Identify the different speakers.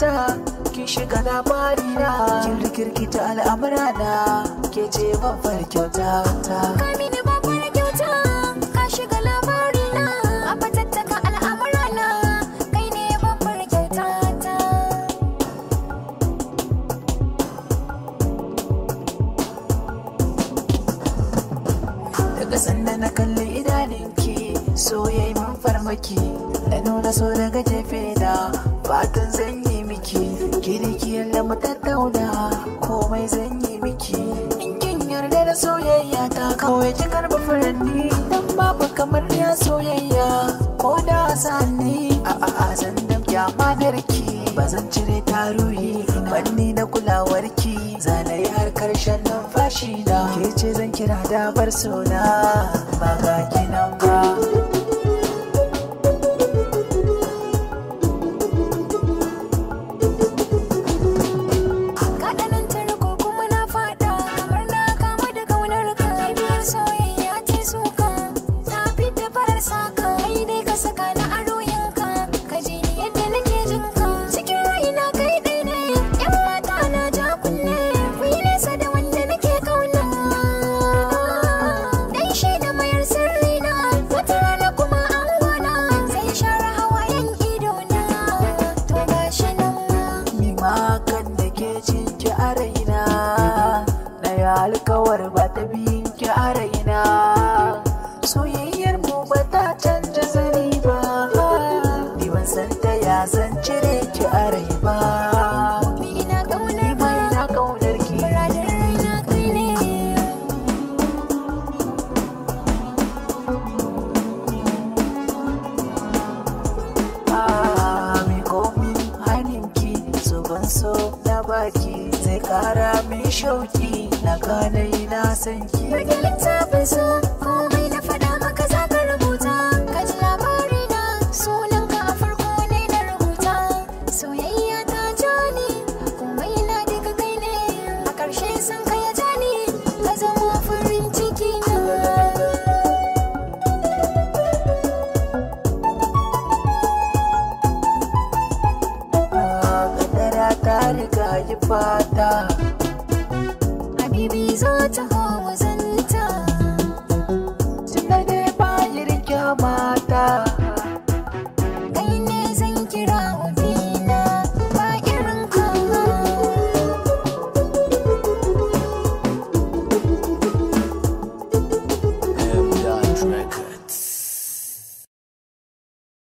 Speaker 1: ta kin shiga labari na kin rikirkita al'amura na ke ce babbar kyauta ta ban babbar kyauta ka shiga labari na a fatattaka al'amura na kai ne babbar kyauta ta daga sanda na kalli idaninki soyayyen farmaki na nuna so daga jefe na fatan zan miki da mu tattauna komai zan yi miki in kin yarda da soyayya ta kawai ki karba furanni dan babu kamar ya soyayya ko da sani a a a zan da ba zan cire taruhi banni na kulawarki zanayi har karshen numfashi na ke ce zan kira da bar sona ba ga kinan ke cinki a raina na yi alkawar ba ta biyinki a raina soyayyar mu ba ta canja zani ba ni ban san ta ya san cire ki a rai ba ah, So baki zai kara min shauki na gane na san ki. Rage littafin sa yi fata habibi zo ta hawa zan